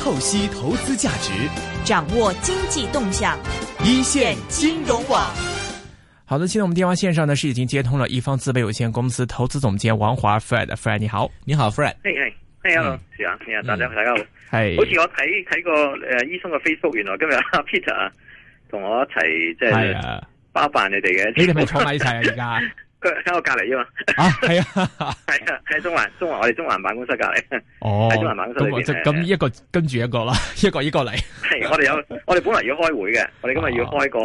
透析投資價值，掌握經濟動向，一線金融網。好的，現在我們電話線上呢是已經接通了一方資本有限公司投資總監王華 Fred，Fred Fred, 你好，你好 Fred，哎哎、hey, hey,，Hello，是、嗯、啊，你好大家好，大家好。Hey, 好似我睇睇過誒，醫生嘅 Facebook，原來今日、啊、Peter hey,、uh, 爸爸啊，同我一齊即係包辦你哋嘅，你哋咪坐埋一齊啊，而家。佢喺我隔籬啫嘛，係啊，係啊，喺、 啊、中環，中環我哋中環辦公室隔籬，喺、哦、中環辦公室嚟嘅，咁、啊、一個跟住一個啦，一個一個嚟。係，我哋有，我哋本來要開會嘅，我哋今日要開個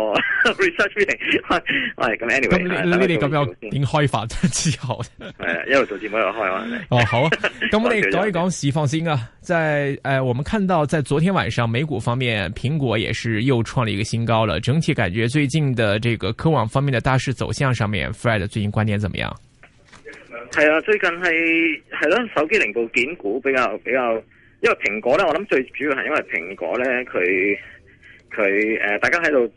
research meeting，喂，咁、啊 哎、anyway，咁呢啲咁樣點開發之好？係， 一路做節目一路開嘛。哦好啊，咁我哋講一講先，放心啊，在誒、呃，我們看到在昨天晚上美股方面，蘋果也是又創了一個新高了。整體感覺最近的這個科網方面的大勢走向上面 Fred 最。你觀點怎麼樣？係啊，最近係係咯，手機零部件股比較比較，因為蘋果咧，我諗最主要係因為蘋果咧，佢佢誒，大家喺度，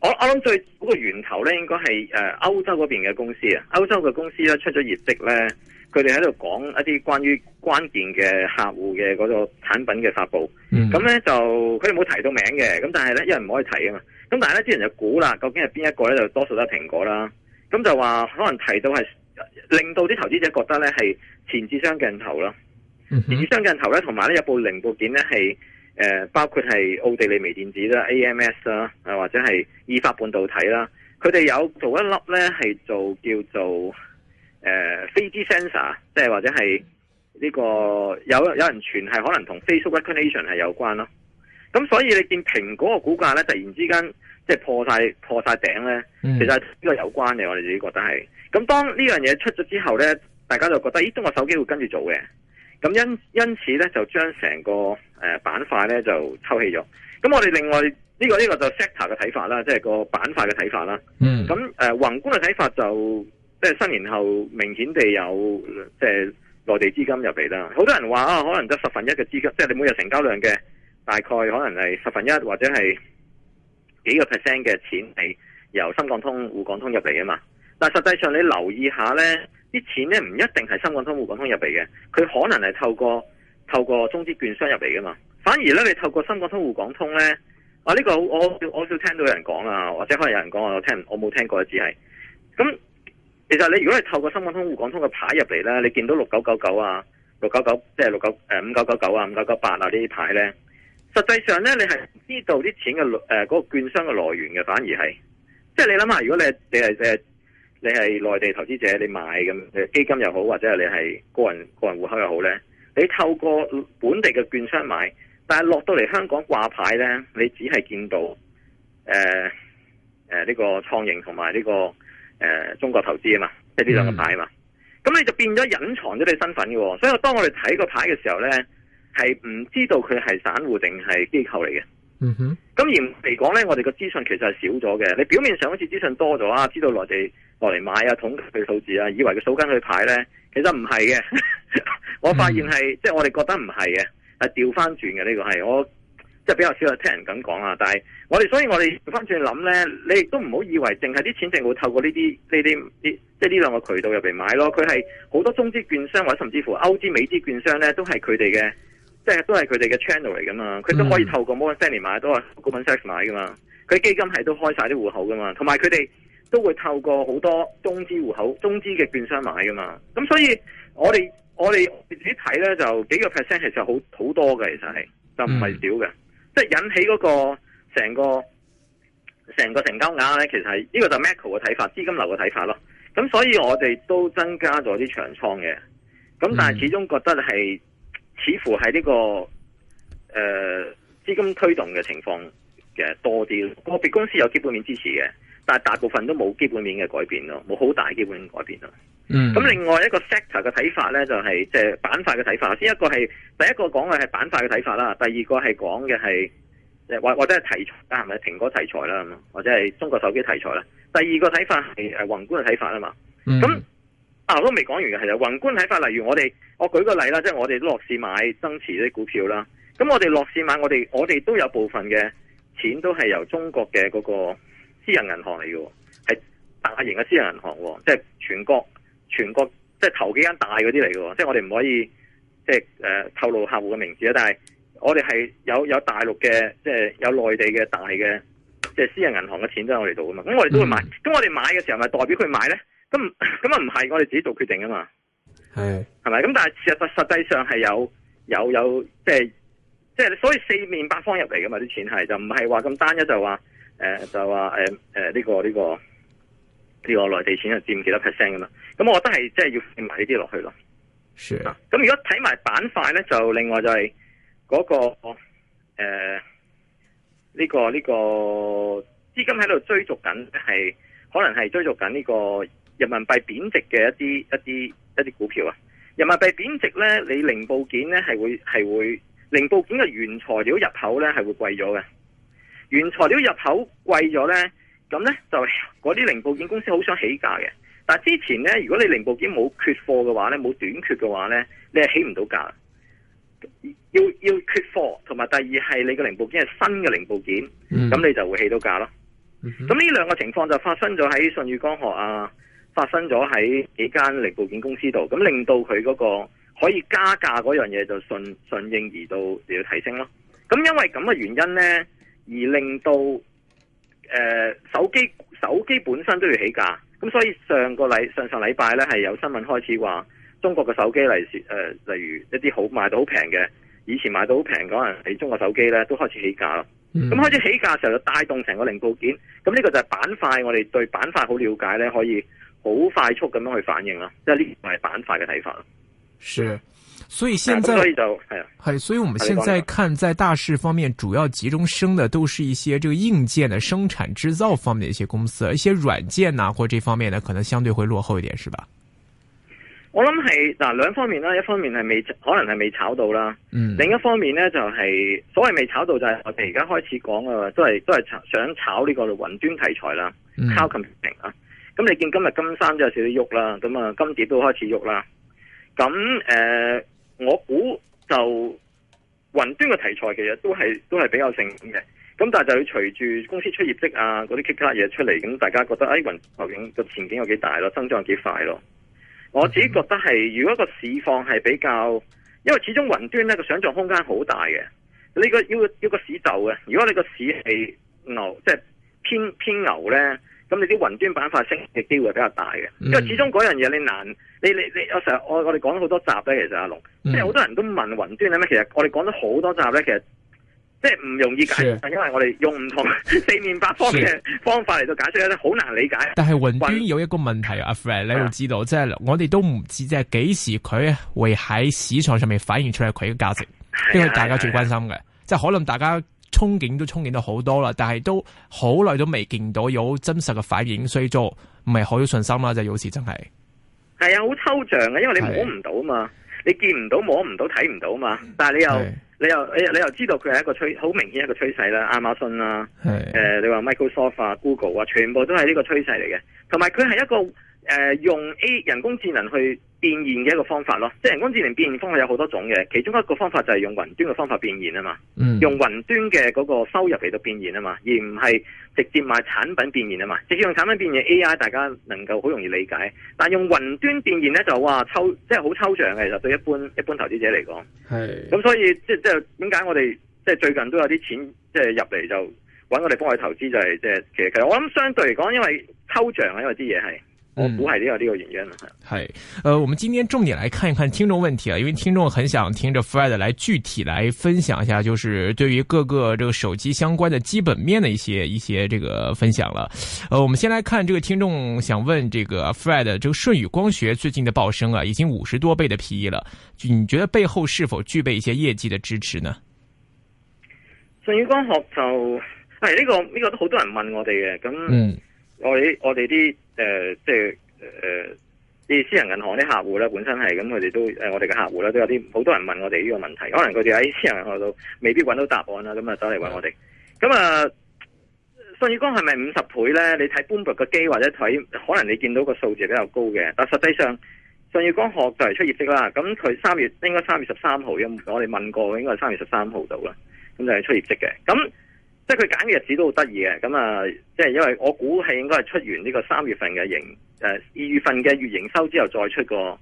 我我諗最嗰個源頭咧，應該係誒歐洲嗰邊嘅公司啊，歐洲嘅公司咧出咗業績咧，佢哋喺度講一啲關於關鍵嘅客戶嘅嗰個產品嘅發佈，咁、嗯、咧就佢哋冇提到名嘅，咁但係咧，因為唔可以提啊嘛，咁但係咧之前就估啦，究竟係邊一個咧，就多數都係蘋果啦。咁就話可能提到係令到啲投資者覺得咧係前置雙鏡頭咯、嗯，雙鏡頭呢，同埋咧有部零部件呢，係、呃、誒包括係奧地利微電子啦 AMS 啦、啊，或者係意法半導體啦，佢哋有做一粒呢，係做叫做誒飛機 sensor，即係或者係呢、這個有有人傳係可能同 face recognition 係有關咯，咁所以你見蘋果個股價呢，突然之間。即係破晒破晒頂咧，其實呢個有關嘅，我哋自己覺得係。咁、mm. 當呢樣嘢出咗之後咧，大家就覺得咦，中國手機會跟住做嘅。咁因因此咧、這個這個，就將成個誒板塊咧就抽起咗。咁我哋另外呢個呢個就 sector 嘅睇法啦，即係個板塊嘅睇法啦。嗯、mm.。咁、呃、誒宏觀嘅睇法就即係、就是、新年後明顯地有即係內地資金入嚟啦。好多人話啊，可能得十分一嘅資金，即係你每日成交量嘅大概可能係十分一或者係，幾個 percent 嘅錢係由深港通、滬港通入嚟啊嘛，但實際上你留意下呢啲錢呢唔一定係深港通、滬港通入嚟嘅，佢可能係透過透過中資券商入嚟噶嘛。反而呢，你透過深港通、滬港通呢，啊呢、這個我我少聽到有人講啊，或者可能有人講啊，我聽我冇聽過嘅只係，咁其實你如果你透過深港通、滬港通嘅牌入嚟呢，你見到六九九九啊、六九九即係六九誒五九九九啊、五九九八啊呢啲、啊、牌呢。實際上咧，你係知道啲錢嘅誒嗰個券商嘅來源嘅，反而係，即係你諗下，如果你係、呃、你係你係內地投資者，你買咁基金又好，或者你係個人個人戶口又好咧，你透過本地嘅券商買，但係落到嚟香港掛牌咧，你只係見到誒誒呢個創盈同埋呢個、呃、中國投資啊嘛，即係呢兩個牌啊嘛，咁、yeah. 你就變咗隱藏咗你身份嘅喎、哦，所以當我哋睇個牌嘅時候咧。係唔知道佢係散戶定係機構嚟嘅，咁、嗯、而嚟講呢，我哋個資訊其實係少咗嘅。你表面上好似資訊多咗啊，知道內地落嚟買啊，統計佢數字啊，以為佢數緊佢牌呢，其實唔係嘅。 我發現係即係我哋覺得唔係嘅，係調翻轉嘅呢個係我即係、就是、比較少有聽人咁講啊。但係我哋，所以我哋調翻轉諗呢，你亦都唔好以為淨係啲錢淨會透過呢啲呢啲即係呢兩個渠道入嚟買咯。佢係好多中資券商或者甚至乎歐資美資券商呢，都係佢哋嘅。即係都係佢哋嘅 channel 嚟噶嘛，佢都可以透過摩根士丹利買，mm. 都係高品 shares 買噶嘛。佢基金係都開晒啲戶口噶嘛，同埋佢哋都會透過好多中資戶口、中資嘅券商買噶嘛。咁所以我哋我哋自己睇咧就幾個 percent 其實好好多嘅，其實係就唔係少嘅，mm. 即係引起嗰個成個成個成交額咧，其實係呢個就 macro 嘅睇法，資金流嘅睇法咯。咁所以我哋都增加咗啲長倉嘅，咁但係始終覺得係。Mm. 似乎係呢個誒資金推動嘅情況嘅多啲咯，個別公司有基本面支持嘅，但係大部分都冇基本面嘅改變咯，冇好大基本面改變咯。嗯。咁另外一個 sector 嘅睇法咧，就係即係板塊嘅睇法。先一個係第一個講嘅係板塊嘅睇法啦，第二個係講嘅係或或者係題材，係咪蘋果題材啦，或者係中國手機題材啦。第二個睇法係誒宏觀嘅睇法啊嘛。嗯。咁。啊，我都未講完嘅，係啦，宏觀睇法，例如我哋，我舉個例啦，即係我哋都落市買增持啲股票啦。咁我哋落市買，我哋我哋都有部分嘅錢都係由中國嘅嗰個私人銀行嚟嘅，係大型嘅私人銀行，即係全國全國即係頭幾間大嗰啲嚟嘅，即係我哋唔可以即係誒透露客戶嘅名字啊。但係我哋係有有大陸嘅，即係有內地嘅大嘅即係私人銀行嘅錢都喺我哋度噶嘛。咁我哋都會買，咁，嗯，我哋買嘅時候咪代表佢買咧。咁咁啊唔係，我哋自己做決定啊嘛，係係咪？咁但係實實實際上係有有有即係即係，所以四面八方入嚟噶嘛啲錢係，就唔係話咁單一就話、是、誒、呃、就話誒誒呢個呢、這個呢、這個內、這個、地錢係佔幾多 percent 噶嘛？咁我覺得係即係要埋呢啲落去咯。啊，咁如果睇埋板塊咧，就另外就係嗰、嗰個誒呢、呃這個呢、這個資金喺度追逐緊係，可能係追逐緊呢、這個。人民幣貶值嘅一啲一啲一啲股票啊！人民幣貶值咧，你零部件咧係會係會零部件嘅原材料入口咧係會貴咗嘅。原材料入口貴咗咧，咁咧就嗰啲零部件公司好想起價嘅。但係之前咧，如果你零部件冇缺貨嘅話咧，冇短缺嘅話咧，你係起唔到價了。要要缺貨，同埋第二係你嘅零部件係新嘅零部件，咁、嗯、你就會起到價咯。咁、嗯、呢兩個情況就發生咗喺信宇光學啊。發生咗喺幾間零部件公司度，咁令到佢嗰個可以加價嗰樣嘢就順順應而到要提升咯。咁因為咁嘅原因呢，而令到誒、呃、手機手機本身都要起價。咁所以上個禮上上禮拜呢係有新聞開始話中國嘅手機、呃、例如一啲好賣到好平嘅，以前賣到好平嗰人喺中國手機呢都開始起價咯。咁、嗯、開始起價嘅時候就帶動成個零部件。咁呢個就係板塊，我哋對板塊好了解呢，可以。好快速咁樣去反應啦，即係呢啲係板塊嘅睇法，法是，所以現在、嗯、所以就係啊，係，所以我們現在看在大市方面，主要集中升的都是一些這個硬件的生產製造方面嘅一些公司，一些軟件啊，或者這方面呢，可能相對會落後一點，是吧？我諗係嗱，兩方面啦，一方面係未可能係未炒到啦，嗯，另一方面呢、就是，就係所謂未炒到就係、是、我哋而家開始講嘅，都係都係想炒呢個雲端題材啦 c o o 啊。嗯咁你見今日金山就有少少喐啦，咁啊金蝶都開始喐啦。咁誒、呃，我估就雲端嘅題材其實都係都係比較盛嘅。咁但係就隨住公司出業績啊，嗰啲 KPI 嘢出嚟，咁大家覺得誒、哎嗯，雲投影嘅前景有幾大咯、啊，增長幾快咯、啊。我自己覺得係，如果個市況係比較，因為始終雲端咧個想象空間好大嘅、啊。呢個要要個市就嘅，如果你個市係牛，即、就、係、是、偏偏牛咧。咁你啲雲端板塊升嘅機會比較大嘅，嗯、因為始終嗰樣嘢你難，你你你，我成日我我哋講咗好多集咧，其實阿龍，即係好多人都問雲端係咩，其實我哋講咗好多集咧，其實即係唔容易解，但是因為我哋用唔同 四面八方嘅方法嚟到解釋咧，好是難理解。但係雲端有一個問題，阿是、啊、Fred，你會知道，即係、啊、我哋都唔知即係幾時佢會喺市場上面反映出嚟佢嘅價值，呢個、啊、大家最關心嘅，即係、啊啊啊、可能大家。憧憬都憧憬到好多啦，但係都好耐都未見到有真實嘅反應，所以就唔係好有信心啦。就有時真係係啊，好抽象啊，因為你摸唔到嘛，你見唔到，摸唔到，睇唔到嘛。但係你又你又你又，你又知道佢係一個趨好明顯一個趨勢啦，亞馬遜啦、啊，誒、呃，你話 Microsoft 啊、Google 啊，全部都係呢個趨勢嚟嘅，同埋佢係一個。誒、呃，用 A 人工智能去變現嘅一個方法咯，即係人工智能變現方法有好多種嘅，其中一個方法就係用雲端嘅方法變現啊嘛，用雲端嘅嗰個收入嚟到變現啊嘛，而唔係直接賣產品變現啊嘛，直接用產品變現 A.I. 大家能夠好容易理解，但係用雲端變現咧就話抽，即係好抽象嘅，就對一般一般投資者嚟講係咁，是所以即係即係點解我哋即係最近都有啲錢即係入嚟就搵我哋幫佢投資就係、是、即係其實其實我諗相對嚟講，因為東西是抽象啊，因為啲嘢係。我估係都有這個原因了、嗯。呃，我們今天重點來看一看聽眾問題啊，因為聽眾很想聽着 Fred 來具體來分享一下，就是對於各個這個手機相關的基本面的一些一些這個分享了。呃，我們先來看這個聽眾想問這個 Fred，這個舜宇光學最近的暴升啊，已經五十多倍的 PE 了，你覺得背後是否具備一些業績的支持呢？舜宇光學就係呢個呢個都好多人問我哋嘅，咁我我哋啲。誒、呃，即係誒啲私人銀行啲客戶咧，本身係咁，佢哋都誒、呃，我哋嘅客戶咧，都有啲好多人問我哋呢個問題，可能佢哋喺私人銀行度未必搵到答案啦，咁啊走嚟搵我哋，咁啊，舜宇光係咪五十倍咧？你睇 Bloomberg 個機或者睇，可能你見到個數字比較高嘅，但實實際上舜宇光學就係出業績啦。咁佢三月應該三月十三號，因我哋問過應該，應該係三月十三號度啦，咁就係出業績嘅，咁。即係佢揀嘅日子都好得意嘅，咁啊，即係因為我估係應該係出完呢個三月份嘅營誒二月份嘅月營收之後再出個誒、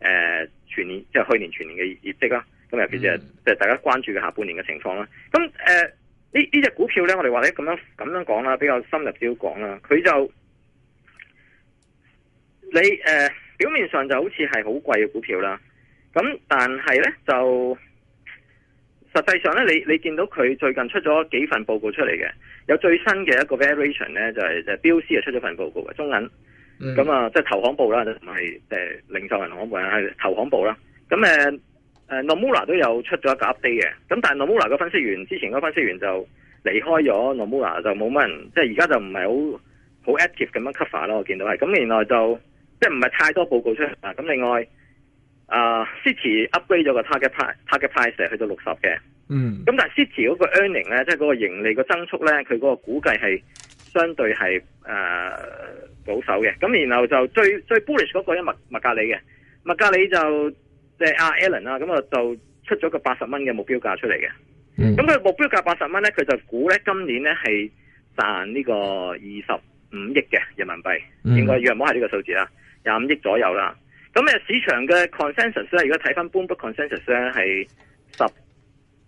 呃、全年即係去年全年嘅業績啦，咁尤其是即係、嗯就是、大家關注嘅下半年嘅情況啦。咁誒呢呢隻股票咧，我哋或者咁樣咁樣講啦，比較深入啲講啦，佢就你誒、呃、表面上就好似係好貴嘅股票啦，咁但係咧就。實際上咧，你你見到佢最近出咗幾份報告出嚟嘅，有最新嘅一個 variation 咧，就係即係標師出咗份報告嘅中銀，咁啊，mm-hmm. 嗯，即係投行部啦，或唔係即係零售銀行部啊，係投行部啦。咁誒、呃、Nomura 都有出咗一個 update 嘅，咁但係 Nomura 嘅分析員之前嗰分析員就離開咗，Nomura 就冇乜人，即係而家就唔係好好 active 咁樣 cover 咯。我見到係咁，原來就即係唔係太多報告出嚟。咁另外。啊 Citi upgrade 咗個 target price，target price 去到六十嘅。嗯。咁但係 Citi 個 earning 咧，即係嗰個盈利個增速咧，佢嗰個估計係相對係誒、uh, 保守嘅。咁然後就最最 bullish 嗰個一麥麥格里嘅，麥格里就即係阿 Alan 啦，咁啊 Alan，就出咗個八十蚊嘅目標價出嚟嘅。嗯。咁佢目標價八十蚊咧，佢就估咧今年咧係賺呢個二十五億嘅人民幣，mm. 應該約摸係呢個數字啦，廿五億左右啦。咁市場嘅 consensus 呢，如果睇返 Bloomberg consensus 呢，係十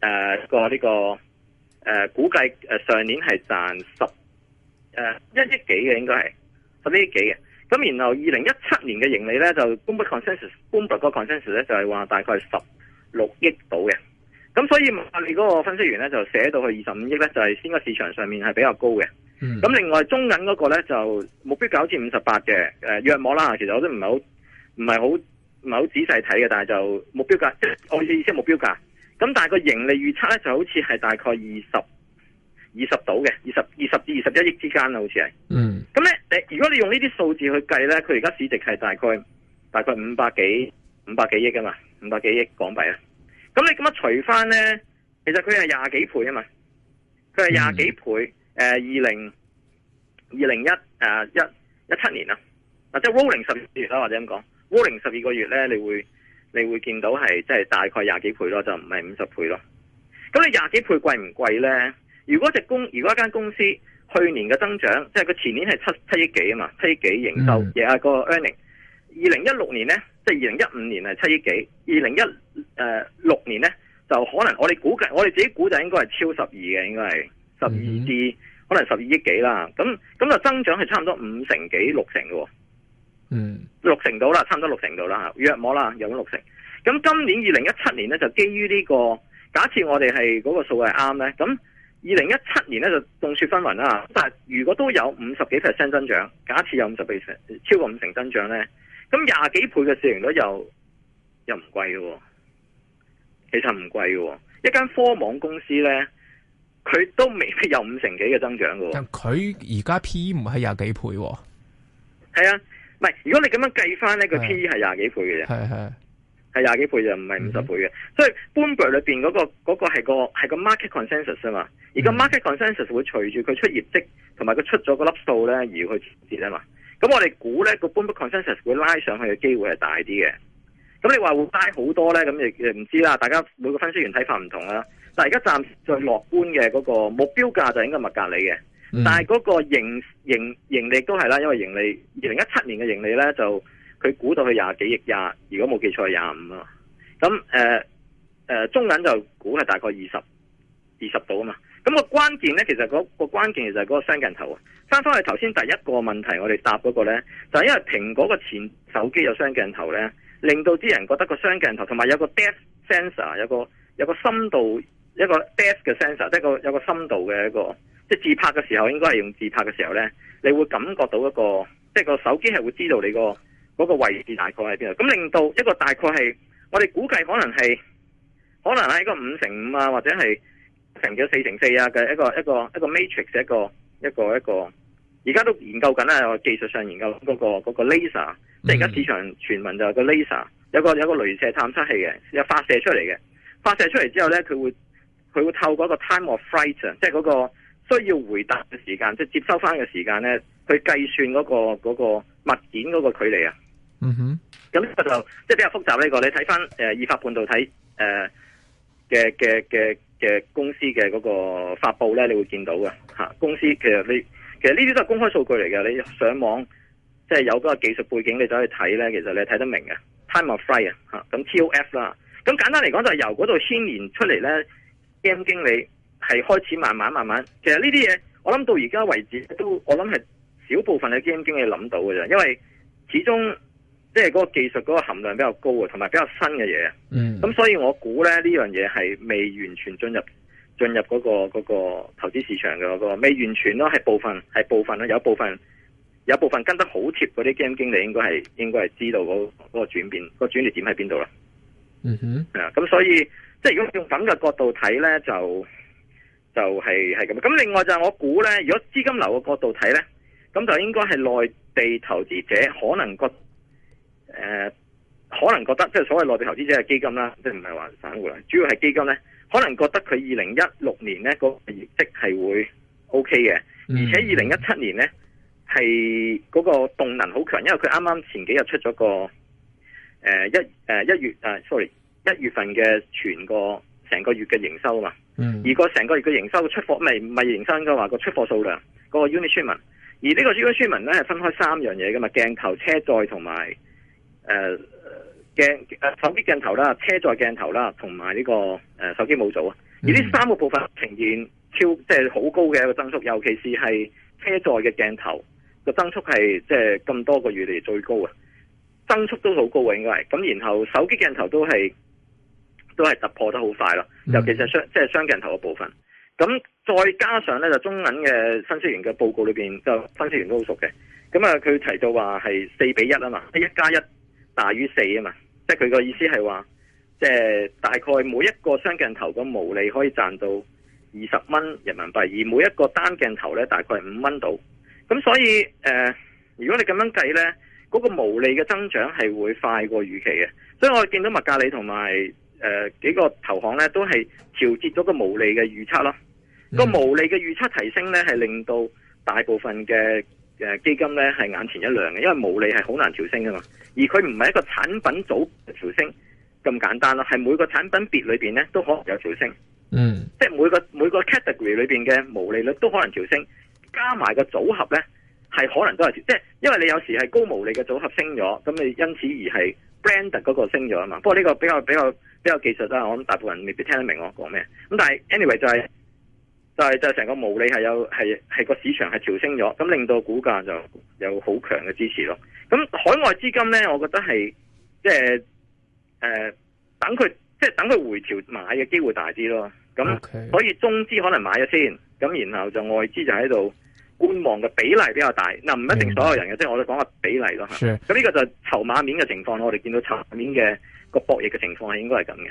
誒個呢個誒估計上年係賺十誒、呃、一億幾嘅，應該係十億幾嘅。咁然後二零一七年嘅盈利呢，就 Bloomberg consensus Bloomberg 個 consensus 呢，就係話大概十六億度嘅。咁所以我哋嗰個分析員呢，就寫到去二十五億呢，就係先個市場上面係比較高嘅。咁、嗯、另外中銀嗰個呢，就目標九至五十八嘅誒約摸啦，其實我都唔係好。唔係好唔係好仔細睇嘅，但係就目標價，我嘅意思係目標價。咁但係個盈利預測咧，就好似係大概二十二十度嘅，二十二十至二十一億之間啦，好似係。嗯。咁咧，誒，如果你用呢啲數字去計咧，佢而家市值係大概大概五百幾五百幾億㗎嘛，五百幾億港幣啊。咁你咁樣除翻咧，其實佢係廿幾倍啊嘛，佢係廿幾倍。誒、嗯，二零二零一誒一一七年啊，或即係 rolling 十二月啦，或者咁講。高零十二個月咧，你會你會見到係即係大概廿幾倍咯，就唔係五十倍咯。咁你廿幾倍貴唔貴呢？如果隻公，如果一間公司去年嘅增長，即係佢前年係七七億幾啊嘛，七億幾營收亦係個 earning。二零一六年呢，即係二零一五年係七億幾，二零一誒六年呢，就可能我哋估計，我哋自己估計應該係超十二嘅，應該係十二至、嗯、可能十二億幾啦。咁咁就增長係差唔多五成幾六成嘅喎。嗯，六成到啦，差唔多六成到啦吓，約摸啦，約摸六成。咁今年二零一七年咧，就基於、這個那個、呢個假設，我哋係嗰個數係啱咧。咁二零一七年咧就眾說紛紜啦，但係如果都有五十幾 percent 增長，假設有五十 percent 超過五成增長咧，咁廿幾倍嘅市盈率又又唔貴嘅，其實唔貴嘅，一間科網公司咧，佢都未必有五成幾嘅增長喎、哦。但佢而家 P E 唔係廿幾倍、哦，係啊。唔係，如果你咁樣計翻呢、個 P 係廿幾倍嘅啫，係係係廿幾倍就唔係五十倍嘅、嗯。所以 Bloomberg 裏邊、嗰、嗰個係、個、個，個 market consensus 啊嘛。而個 market consensus 會隨住佢出業績同埋佢出咗個粒數咧而去跌啊嘛。咁我哋估咧個 Bloomberg consensus 會拉上去嘅機會係大啲嘅。咁你話會拉好多咧，咁亦唔知啦。大家每個分析員睇法唔同啦。但係而家暫時最樂觀嘅嗰個目標價就應該麥格理嘅。但係嗰個盈盈盈利都係啦，因為盈利二零一七年嘅盈利咧就佢估到佢廿幾億廿，如果冇記錯係廿五啊。咁誒誒，中銀就估係大概二十二十度啊嘛。咁個關鍵咧，其實嗰個關鍵就係嗰個雙鏡頭啊。翻翻去頭先第一個問題，我哋答嗰個咧，就係因為蘋果個前手機有雙鏡頭咧，令到啲人覺得個雙鏡頭同埋有個 depth sensor，有個有個深度一個 depth 嘅 sensor，即係個有個深度嘅一個。即係自拍嘅時候，應該係用自拍嘅時候咧，你會感覺到一個，即係個手機係會知道你個嗰個位置大概喺邊度，咁令到一個大概係我哋估計可能係可能係一個五乘五啊，或者係成咗四乘四啊嘅一個一個一個 matrix 嘅一個一個一個。而家都在研究緊啦，有技術上研究嗰個嗰個 laser，mm -hmm. 即係而家市場傳聞就係個 laser 有個有個雷射探測器嘅，有發射出嚟嘅，發射出嚟之後咧，佢會佢會透過一個 time of flight 啊，即係嗰個。需要回答嘅時間，即係接收翻嘅時間咧，去計算嗰個嗰個物件嗰個距離啊。嗯哼，咁呢個就即係比較複雜呢個。你睇翻誒意法半導體誒嘅嘅嘅嘅公司嘅嗰個發佈咧，你會見到嘅嚇。公司其實你其實呢啲都係公開數據嚟嘅。你上網即係有嗰個技術背景，你就可以睇咧，其實你睇得明嘅。Time of flight 啊嚇，咁 T O F 啦。咁簡單嚟講，就係由嗰度牽連出嚟咧。M 經理。係開始慢慢慢慢，其實呢啲嘢，我諗到而家為止都我諗係小部分嘅基金經理諗到嘅啫，因為始終即係嗰個技術嗰個含量比較高啊，同埋比較新嘅嘢。嗯，咁所以我估咧呢樣嘢係未完全進入進入嗰個嗰個投資市場嘅嗰個未完全咯，係部分係部分啦，有部分有部分跟得好貼嗰啲基金經理應該係應該係知道嗰嗰個轉變個轉折點喺邊度啦。嗯哼，係啊，咁所以即係如果用咁嘅角度睇咧，就。就係係咁，咁另外就係我估呢，如果資金流嘅角度睇呢，咁就應該係內地投資者可能覺誒、呃，可能覺得即係所謂內地投資者嘅基金啦，即係唔係話散戶啦，主要係基金呢，可能覺得佢二零一六年呢、個業績係會 O K 嘅，而且二零一七年呢係嗰個動能好強，因為佢啱啱前幾日出咗個誒、呃、一誒、呃、一月誒、啊、sorry 一月份嘅全個。成個月嘅營收啊嘛，嗯、而個成個月嘅營收出貨咪咪營收嘅話個出貨數量、個 unit shipment，而呢個 unit shipment 咧，係分開三樣嘢噶嘛，鏡頭、車載同埋誒鏡誒手機鏡頭啦、車載鏡頭啦同埋呢個誒、呃、手機模組啊、嗯，而呢三個部分呈現超即係好高嘅一個增速，尤其是係車載嘅鏡頭個增速係即係咁多個月嚟最高啊，增速都好高啊應該，咁然後手機鏡頭都係。都係突破得好快咯，尤其是雙即係、就是、雙鏡頭嘅部分。咁再加上咧，就中銀嘅分析員嘅報告裏邊，就分析員都好熟嘅。咁啊，佢提到話係四比一啊嘛，一加一大於四啊嘛，即係佢個意思係話，即、就、係、是、大概每一個雙鏡頭嘅毛利可以賺到二十蚊人民幣，而每一個單鏡頭咧大概係五蚊度。咁所以誒、呃，如果你咁樣計咧，嗰、那個毛利嘅增長係會快過預期嘅。所以我見到麥格理同埋。誒、呃，幾個投行咧都係調節咗個毛利嘅預測咯，個、mm. 毛利嘅預測提升咧係令到大部分嘅誒、呃、基金咧係眼前一亮嘅，因為毛利係好難調升噶嘛，而佢唔係一個產品組調升咁簡單咯，係每個產品別裏邊咧都可能有調升，嗯、mm.，即係每個每個 category 裏邊嘅毛利率都可能調升，加埋個組合咧係可能都係調升，即係，因為你有時係高毛利嘅組合升咗，咁你因此而係 brand 嗰個升咗啊嘛，不過呢個比較比較。比較技術啦，我諗大部分人未必聽得明我講咩，咁但係 anyway 就係、是、就係、是、就成、是、個毛利係有係係個市場係調升咗，咁令到股價就有好強嘅支持咯。咁海外資金咧，我覺得係即係誒，等佢即係等佢回調買嘅機會大啲咯。咁可以中資可能買咗先，咁然後就外資就喺度觀望嘅比例比較大。嗱，唔一定所有人嘅，即係我哋講個比例咯。咁呢個就籌碼面嘅情況，我哋見到籌碼面嘅。個博弈嘅情況係應該係咁嘅。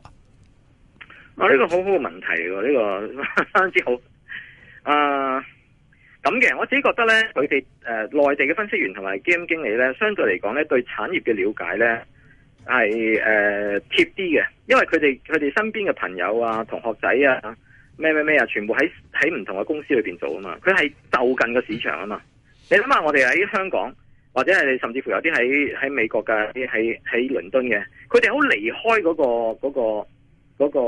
我、啊、呢、呢個好好嘅問題嚟喎，呢個非常之好。 啊，咁嘅我自己覺得呢，佢哋誒內地嘅分析員同埋基金經理呢，相對嚟講呢，對產業嘅了解呢，係誒貼啲嘅，因為佢哋佢哋身邊嘅朋友啊、同學仔啊、咩咩咩啊，全部喺喺唔同嘅公司裏邊做啊嘛，佢係就近嘅市場啊嘛。你諗下，我哋喺香港，或者係你甚至乎有啲喺喺美國嘅、喺喺倫敦嘅，佢哋好離開嗰個嗰個。嗰個嗰、那個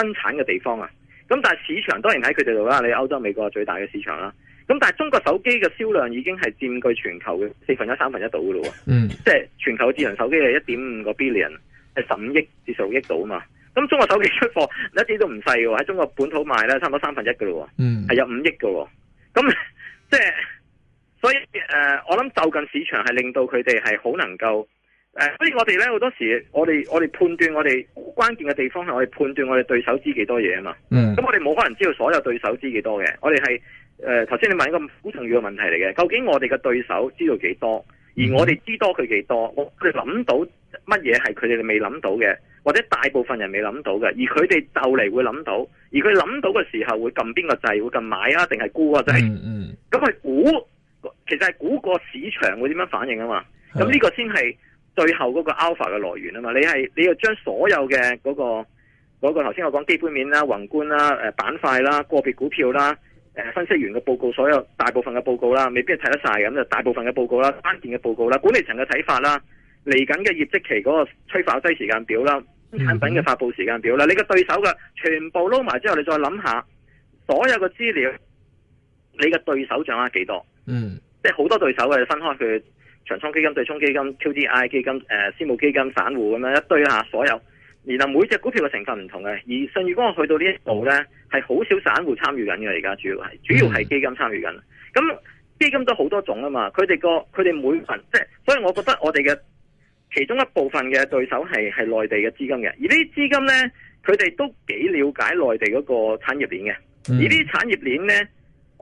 生產嘅地方啊，咁但係市場當然喺佢哋度啦。你歐洲、美國最大嘅市場啦、啊，咁但係中國手機嘅銷量已經係佔據全球嘅四分一、三分一到嘅咯。嗯，即係全球智能手機係一點五個 billion，係十五億至十六億到啊嘛。咁中國手機出貨一啲都唔細嘅喎，喺中國本土賣咧差唔多三分一嘅咯。嗯，係有五億嘅、哦。咁即係，所以誒、呃，我諗就近市場係令到佢哋係好能夠誒、呃，所以我哋咧好多時，我哋我哋判斷我哋。關鍵嘅地方係我哋判斷我哋對手知幾多嘢啊嘛，咁、嗯、我哋冇可能知道所有對手知幾多嘅，我哋係誒頭先你問一個好重要嘅問題嚟嘅。究竟我哋嘅對手知道幾多，而我哋知多佢幾多，我我諗到乜嘢係佢哋未諗到嘅，或者大部分人未諗到嘅，而佢哋就嚟會諗到，而佢諗到嘅時候會撳邊個掣，會撳買啊定係沽啊，即係，咁佢估，其實係估個市場會點樣反應啊嘛，咁、嗯、呢個先係。最後嗰個 alpha 嘅來源啊嘛，你係你要將所有嘅嗰個嗰個頭先我講基本面啦、宏觀啦、誒、呃、板塊啦、個別股票啦、誒、呃、分析員嘅報告、所有大部分嘅報告啦，未必係睇得晒咁就大部分嘅報告啦、關鍵嘅報告啦、管理層嘅睇法啦、嚟緊嘅業績期嗰個催化劑時間表啦、產品嘅發布時間表啦、嗯，你嘅對手嘅全部撈埋之後，你再諗下所有嘅資料，你嘅對手掌握幾多？嗯，即係好多對手嘅，分開佢。長倉基金、對沖基金、QDII 基金、誒、呃、私募基金、散戶咁樣一堆下、啊、所有，然後每隻股票嘅成分唔同嘅，而信譽公去到呢一步咧，係、嗯、好少散戶參與緊嘅，而家主要係主要係基金參與緊。咁基金都好多種啊嘛，佢哋個佢哋每份即係，所以我覺得我哋嘅其中一部分嘅對手係係內地嘅資金嘅，而呢啲資金咧，佢哋都幾了解內地嗰個產業鏈嘅、嗯，而啲產業鏈咧。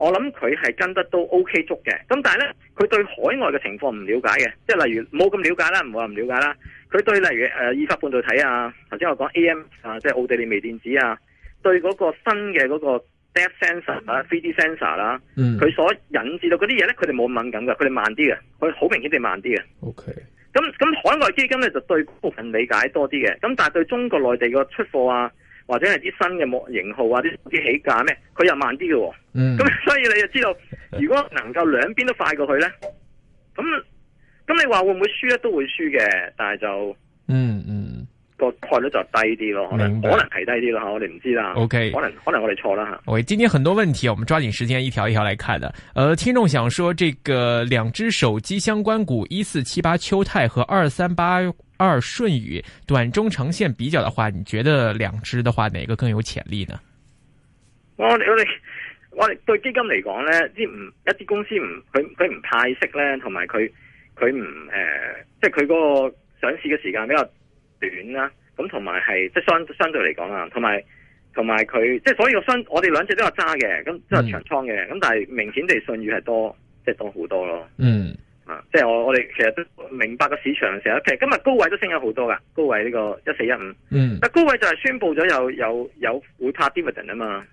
我諗佢係跟得都 O K 足嘅，咁但係咧佢對海外嘅情況唔了解嘅，即係例如冇咁了解啦，唔好話唔了解啦。佢對例如誒、呃、二極半導體啊，頭先我講 A M 啊，即係奧地利微電子啊，對嗰個新嘅嗰個 Depth Sensor 啦、3D Sensor 啦、嗯，佢所引致到嗰啲嘢咧，佢哋冇敏感嘅，佢哋慢啲嘅，佢好明顯地慢啲嘅。O、okay. K。咁咁海外基金咧就對部分理解多啲嘅，咁但係對中國內地個出貨啊，或者係啲新嘅模型號啊，啲啲起價咩？佢又慢啲嘅，咁、嗯嗯、所以你就知道，如果能夠兩邊都快過去咧，咁咁你話會唔會輸咧？都會輸嘅，但係就嗯嗯個概率就低啲咯，可能可能係低啲咯吓，我哋唔知啦。OK，可能可能我哋錯啦吓。喂、okay，今天很多問題，我們抓緊時間一條一條來看嘅。呃，聽眾想說，這個兩隻手機相關股一四七八秋泰和二三八，二舜宇短中長線比較的話，你覺得兩支的話，哪個更有潛力呢？我哋我哋我哋對基金嚟講咧，唔一啲公司唔佢佢唔派息呢，同埋佢佢唔誒，即係佢個上市嘅時間比較短啦。咁同埋係即係相相對嚟講啊，同埋同埋佢即係所以我相我哋兩隻都有揸嘅，咁都係長倉嘅。咁、嗯、但係明顯地舜，舜宇係多即係多好多咯。嗯。即係我我哋其實都明白個市場嘅時候，其實今日高位都升咗好多噶，高位呢個一四一五。嗯，但高位就係宣布咗有有有會派 dividend 啊嘛，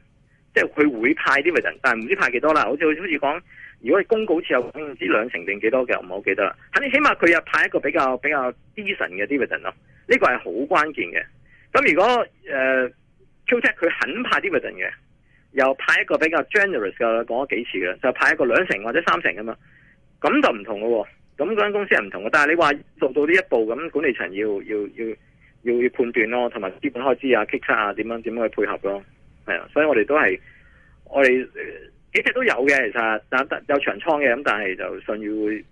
即係佢會派 dividend，但係唔知派幾多啦。好似好似講，如果你公告好，好似有唔知兩成定幾多嘅，我唔係好記得啦。肯定起碼佢又派一個比較比較 decent 嘅 dividend 咯，呢個係好關鍵嘅。咁如果誒、呃、q t e c 佢肯派 dividend 嘅，又派一個比較 generous 嘅，講咗幾次嘅，就派一個兩成或者三成咁嘛。咁就唔同咯，咁嗰間公司係唔同嘅。但係你話做到呢一步，咁管理層要要要要要判斷咯，同埋資本開支啊、k 叉啊，點樣點樣去配合咯，係啊。所以我哋都係我哋幾隻都有嘅，其實但有，有長倉嘅，咁但係就信譽會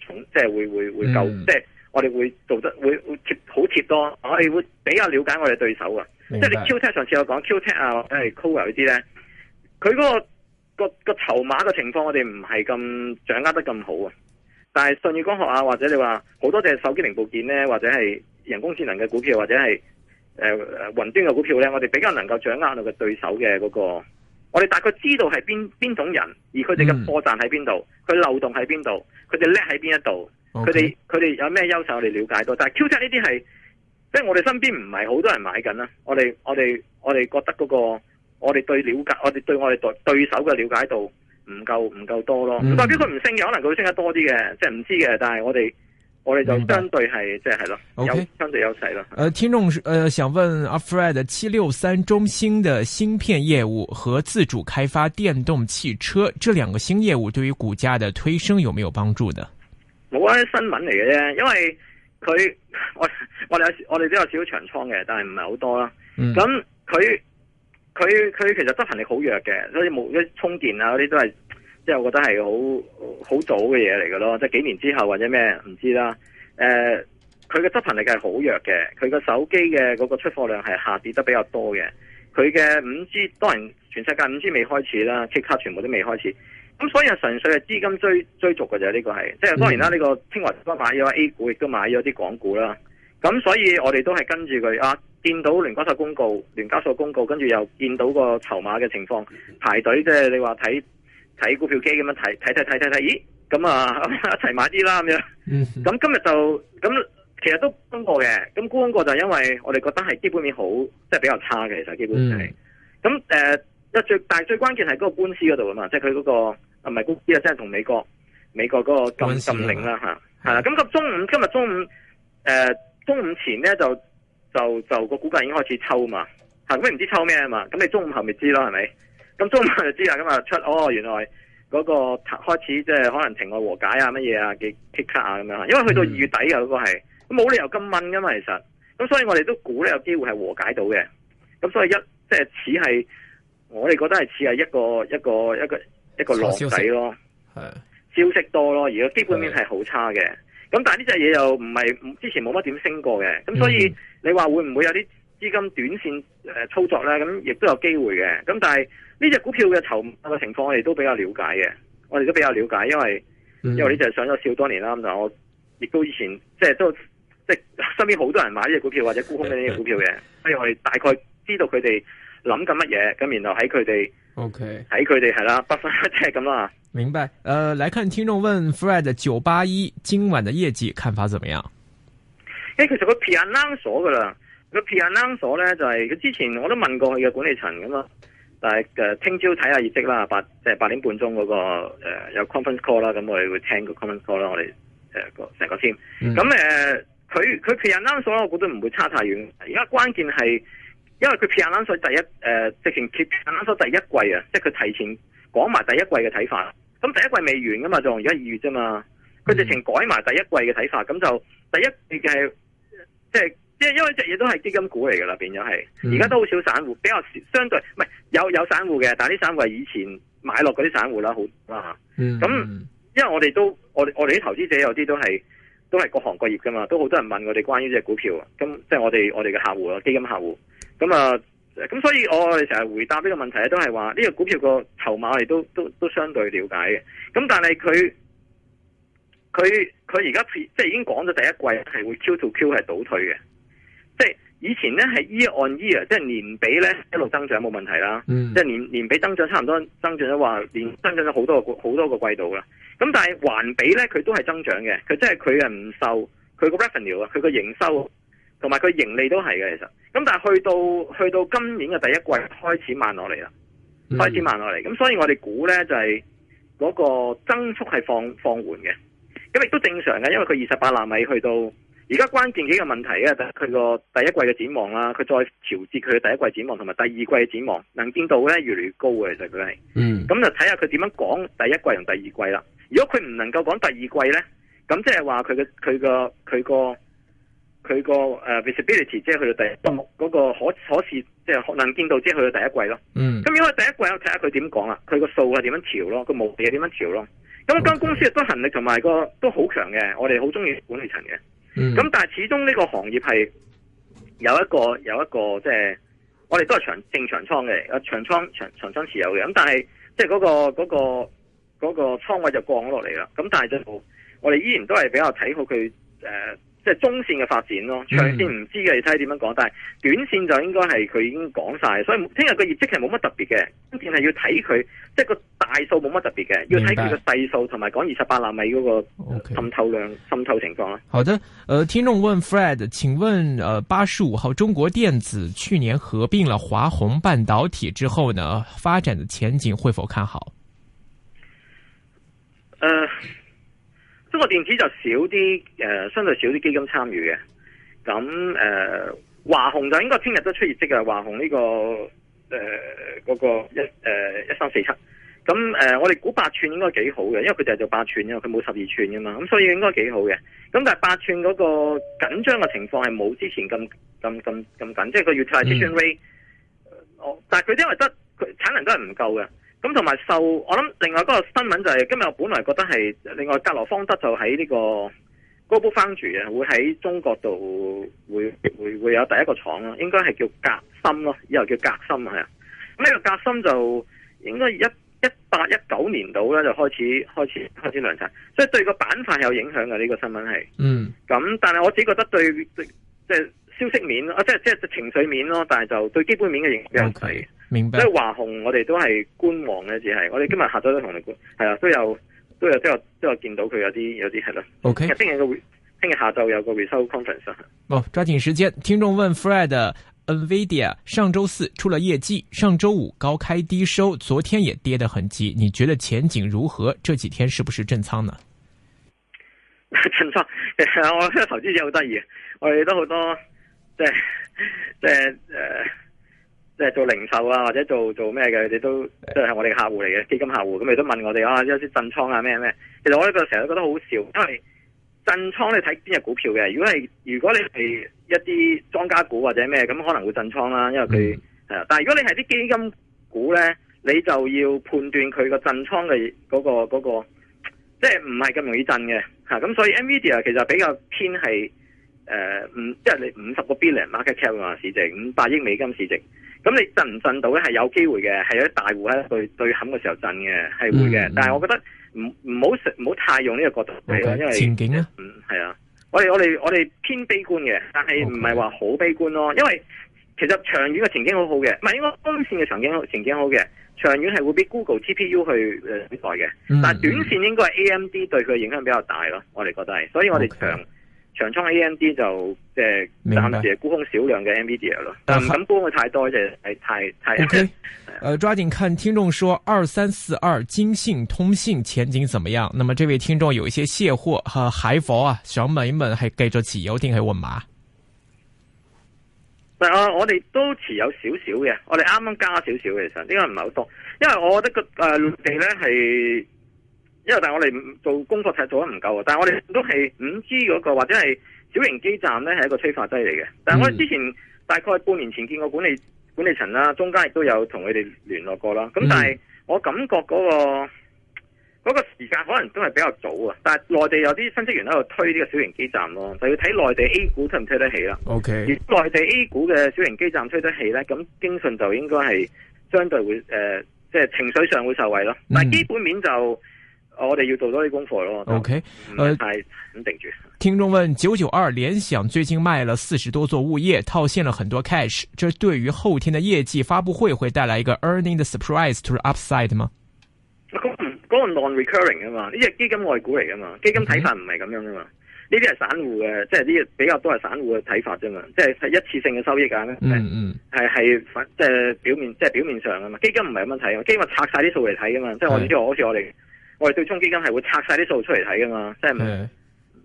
重，呃就是會會會嗯、即係會會會夠，即係我哋會做得會會貼好貼多。我哋會比較了解我哋對手啊，即係你 Qtech 上次我講 Qtech 啊、哎，或者 Cover 嗰啲咧，佢嗰、嗰個。個個籌碼嘅情況，我哋唔係咁掌握得咁好啊！但係信義光學啊，或者你話好多隻手機零部件咧，或者係人工智能嘅股票，或者係誒、呃、雲端嘅股票咧，我哋比較能夠掌握到嘅對手嘅嗰個，我哋大概知道係邊邊種人，而佢哋嘅破綻喺邊度，佢漏洞喺邊度，佢哋叻喺邊一度，佢哋佢哋有咩優勢我哋了解到。但係 Q 七呢啲係即係我哋身邊唔係好多人買緊啦，我哋我哋我哋覺得嗰個。我哋對了解，我哋對我哋對對手嘅了解度唔夠唔夠多咯，咁代表佢唔升嘅，可能佢會升得多啲嘅，即係唔知嘅。但係我哋我哋就相對係，即係係咯，有相對優勢囉。誒，聽眾誒、呃，想問阿 Fred，七六三中興嘅芯片業務和自主開發電動汽車這兩個新業務，對於股價嘅推升有沒有幫助呢？冇啊，新聞嚟嘅啫，因為佢我我哋我哋都有少少長倉嘅，但係唔係好多啦。咁、嗯、佢。嗯佢佢其實執行力好弱嘅，所以冇一充電啊嗰啲都係，即係我覺得係好好早嘅嘢嚟嘅咯，即係幾年之後或者咩唔知啦。誒、呃，佢嘅執行力係好弱嘅，佢個手機嘅嗰個出貨量係下跌得比較多嘅。佢嘅五 G 當然全世界五 G 未開始啦，即刻全部都未開始。咁所以係純粹係資金追追逐嘅啫，呢個係，即係當然啦，呢、嗯，這個清華都買咗 A 股，亦都買咗啲港股啦。咁所以我哋都係跟住佢啊。見到聯交所公告，聯交所公告，跟住又見到個籌碼嘅情況，排隊即係你話睇睇股票機咁樣睇睇睇睇睇睇，咦咁啊一齊買啲啦咁樣。咁、嗯、今日就咁，其實都公過嘅。咁公過就因為我哋覺得係基本面好，即係比較差嘅其實基本面。咁、嗯、誒，一、呃、最但係最關鍵係嗰個官司嗰度啊嘛，即係佢嗰個唔係官司啊，即係同美國美國嗰個禁,禁令啦吓。係啦，咁今中午今日中午誒、呃、中午前咧就。就就個股價已經開始抽嘛，行股唔知抽咩啊嘛，咁你中午後咪知咯，係咪？咁中午後就知啦，咁啊出，哦原來嗰個開始即係可能庭外和解啊乜嘢啊揭揭卡啊咁樣，因為去到二月底啊嗰、嗯、個係，咁冇理由咁問噶嘛其實，咁所以我哋都估咧有機會係和解到嘅，咁所以一即係似係，我哋覺得係似係一個一個一個一個落底咯，係，消息多咯，而家基本面係好差嘅。咁但係呢隻嘢，又唔係之前冇乜點升過嘅，咁所以你話會唔會有啲資金短線誒操作咧？咁亦都有機會嘅。咁但係呢隻股票嘅籌碼嘅情況，我哋都比較了解嘅。我哋都比較了解，因為因為呢隻上咗市好多年啦，咁、嗯、但我亦都以前即係都即係身邊好多人買呢隻股票或者沽空呢隻股票嘅、嗯，所以我哋大概知道佢哋諗緊乜嘢，咁然後喺佢哋。O.K. 睇佢哋係啦，不分即係咁啦。明白。誒、呃，來看聽眾問 Fred 九八一今晚嘅業績看法怎麼樣？誒、欸，其實佢撇硬冷鎖噶啦，佢撇硬冷鎖咧就係、是、佢之前我都問過佢嘅管理層咁嘛。但係誒聽朝睇下業績啦，八即八、就是、點半鐘嗰、那個誒、呃、有 conference call 啦，咁我哋會聽個 conference call 啦，呃嗯呃、我哋誒個成個 team。咁誒，佢佢撇硬冷鎖我覺得唔會差太遠。而家關鍵係。因為佢撇冷水第一，誒、呃、直情撇冷水第一季啊，即係佢提前講埋第一季嘅睇法。咁第一季未完噶嘛，仲而家二月啫嘛，佢直情改埋第一季嘅睇法，咁、嗯、就第一係即係即係因為隻嘢都係基金股嚟噶啦，變咗係而家都好少散戶，比較相對唔係有有散戶嘅，但係啲散戶係以前買落嗰啲散戶啦，好啊。咁、嗯、因為我哋都我哋我哋啲投資者有啲都係都係各行各業噶嘛，都好多人問我哋關於呢隻股票，咁即係我哋我哋嘅客戶啦，基金客戶。咁、嗯、啊，咁所以我哋成日回答呢個問題咧，都係話呢個股票個籌碼我哋都都都相對了解嘅。咁但係佢佢佢而家即係已經講咗第一季係會 Q to Q 係倒退嘅，即係以前咧係 year e a 即係年比咧一路增長冇問題啦、嗯。即係年年比增長差唔多增長咗話年增長咗好多好多個季度啦。咁但係環比咧佢都係增長嘅，佢即係佢嘅唔受佢個 revenue 啊，佢個營收。同埋佢盈利都係嘅，其實咁但係去到去到今年嘅第一季開始慢落嚟啦，開始慢落嚟，咁、嗯、所以我哋估呢，就係嗰個增速係放放緩嘅，咁亦都正常嘅，因為佢二十八納米去到而家關鍵幾個問題啊，就係佢個第一季嘅展望啦，佢再調節佢嘅第一季展望同埋第二季嘅展望，能見到呢越嚟越高嘅，其實佢係，嗯，咁就睇下佢點樣講第一季同第二季啦。如果佢唔能夠講第二季呢，咁即係話佢嘅佢個佢個。佢個誒 visibility 即係去到第一幕嗰，那個可可視，即係可能見到，即係去到第一季咯。嗯，咁因為第一季我睇下佢點講啦，佢個數係點樣調咯，個目標係點樣調咯。咁、mm. 間公司亦都恒力同埋個都好強嘅，我哋好中意管理層嘅。咁、mm. 但係始終呢個行業係有一個有一個即係、就是、我哋都係長正長倉嘅，長倉長長倉持有嘅。咁但係即係嗰個嗰，那個、那個倉，那個、位就降咗落嚟啦。咁但係就好，我哋依然都係比較睇好佢誒。呃即係中線嘅發展咯，長線唔知嘅，你睇下點樣講。但係短線就應該係佢已經講晒，所以聽日個業績係冇乜特別嘅。關鍵係要睇佢，即係個大數冇乜特別嘅，要睇佢個細數同埋講二十八納米嗰個滲透量、滲、呃 okay，滲透情況啦。好的，呃，聽眾問 Fred，請問，呃，八十五號中國電子去年合併了華虹半導體之後呢，發展的前景會否看好？呃。中、這、國、個、電子就少啲，誒、呃、相對少啲基金參與嘅，咁誒華虹就應該聽日都出業績嘅，華虹呢個誒嗰、呃那個一誒、呃、一三四七，咁誒、呃、我哋估八寸應該幾好嘅，因為佢就係做八寸，因為佢冇十二寸噶嘛，咁所以應該幾好嘅，咁但係八寸嗰個緊張嘅情況係冇之前咁咁咁咁緊，即係嗰個 utilization rate，哦、嗯，但係佢因為得佢產能都係唔夠嘅。咁同埋受，我諗另外嗰個新聞就係、是、今日我本來覺得係另外格羅方德就喺呢個 Global Foundry 啊，會喺中國度會會會有第一個廠咯，應該係叫格芯咯，以後叫格芯係啊。咁呢個格芯就應該一一八一九年度咧就開始開始開始量產，所以對個板塊有影響嘅呢個新聞係。嗯。咁但係我自己覺得對即係、就是、消息面啊，即係即係情緒面咯，但係就對基本面嘅影響。Okay. 明白，所以華虹我哋都係觀望嘅，只係我哋今日下晝都同你觀，係啦、啊，都有都有都有都有見到佢有啲有啲係咯。O K，聽日個聽日下晝有個 result conference、哦。唔，抓緊時間，聽眾問 Fred，Nvidia 上周四出了業績，上周五高開低收，昨天也跌得很急，你覺得前景如何？這幾天是不是震倉呢？震 倉、嗯，我覺得投資者好得意，我哋都好多即係即係誒。嗯嗯嗯即係做零售啊，或者做做咩嘅，你都即係、就是、我哋嘅客戶嚟嘅基金客戶咁，你都問我哋啊，有啲震倉啊，咩咩？其實我呢個成日都覺得很好笑，因為震倉你睇邊隻股票嘅。如果係如果你係一啲莊家股或者咩咁，咁可能會震倉啦、啊，因為佢係、嗯啊、但係如果你係啲基金股咧，你就要判斷佢個震倉嘅嗰個個，即係唔係咁容易震嘅吓。咁、啊、所以 Nvidia 其實比較偏係誒，嗯、呃，即係你五十個 billion market cap 啊，市值五百億美金市值。咁你震唔震到咧？係有機會嘅，係啲大戶喺最對冚嘅時候震嘅，係會嘅、嗯。但係我覺得唔唔好唔好太用呢個角度睇咯、okay。前景嗯，係啊，我哋我哋我哋偏悲觀嘅，但係唔係話好悲觀咯。因為其實長遠嘅前景好好嘅，唔係應該短線嘅前景前景好嘅，長遠係會俾 Google T P U 去取代嘅、嗯。但係短線應該係 A M D 對佢影響比較大咯。我哋覺得係，所以我哋長。Okay. 長倉 AMD 就即係暫時係沽空少量嘅 NVIDIA 咯，但係唔敢沽嘅太多，即係太太。O 呃，okay. 嗯 uh, 抓緊看聽眾說二三四二京信通信前景怎麼樣？那麼這位聽眾有一些卸貨和海佛啊，想問一問，係繼續持有定係換碼？嗱、啊，我我哋都持有少少嘅，我哋啱啱加少少嘅，其實呢個唔係好多，因為我覺得個誒、呃、陸地咧係。是因為但係我哋做工作睇做得唔夠啊，但係我哋都係五 G 嗰個或者係小型基站咧係一個催化劑嚟嘅。但係我哋之前大概半年前見過管理管理層啦，中間亦都有同佢哋聯絡過啦。咁但係我感覺嗰個嗰個時間可能都係比較早啊。但係內地有啲分析員喺度推呢個小型基站咯，就要睇內地 A 股推唔推得起啦。O K，內地 A 股嘅小型基站推得起咧，咁京信就應該係相對會誒，即係情緒上會受惠咯。但係基本面就。我哋要做多啲功課咯。O K，唔太穩定、okay, 呃、住。聽眾問：九九二聯想最近賣咗四十多座物業，套現了很多 cash，這對於後天的業績發布會會帶來一個 earning the surprise to the upside 嗎？嗰、那個嗰、那個、non recurring 啊嘛，呢隻基金外股嚟噶嘛，基金睇法唔係咁樣噶嘛。呢啲係散戶嘅，即係啲比較多係散戶嘅睇法啫嘛，即、就、係、是、一次性嘅收益啊。嗯嗯，係係即係表面即係、就是、表面上㗎嘛，基金唔係咁樣睇嘛，基金拆晒啲數嚟睇噶嘛。即、嗯、係、就是、我知我好似我哋。我哋對沖基金係會拆晒啲數出嚟睇噶嘛，即係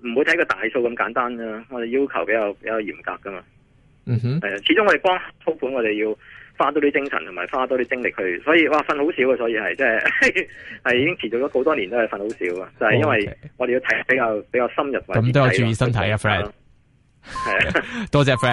唔好睇個大數咁簡單噶，我哋要求比較比較嚴格噶嘛。嗯哼，係啊，始終我哋幫操盤，我哋要花多啲精神同埋花多啲精力去，所以哇瞓好少㗎，所以係即係係 已經持續咗好多年都係瞓好少啊，oh, okay. 就係因為我哋要睇比較比較深入咁、哦 okay. 都要注意身體啊，Fred。係啊，多謝 Fred。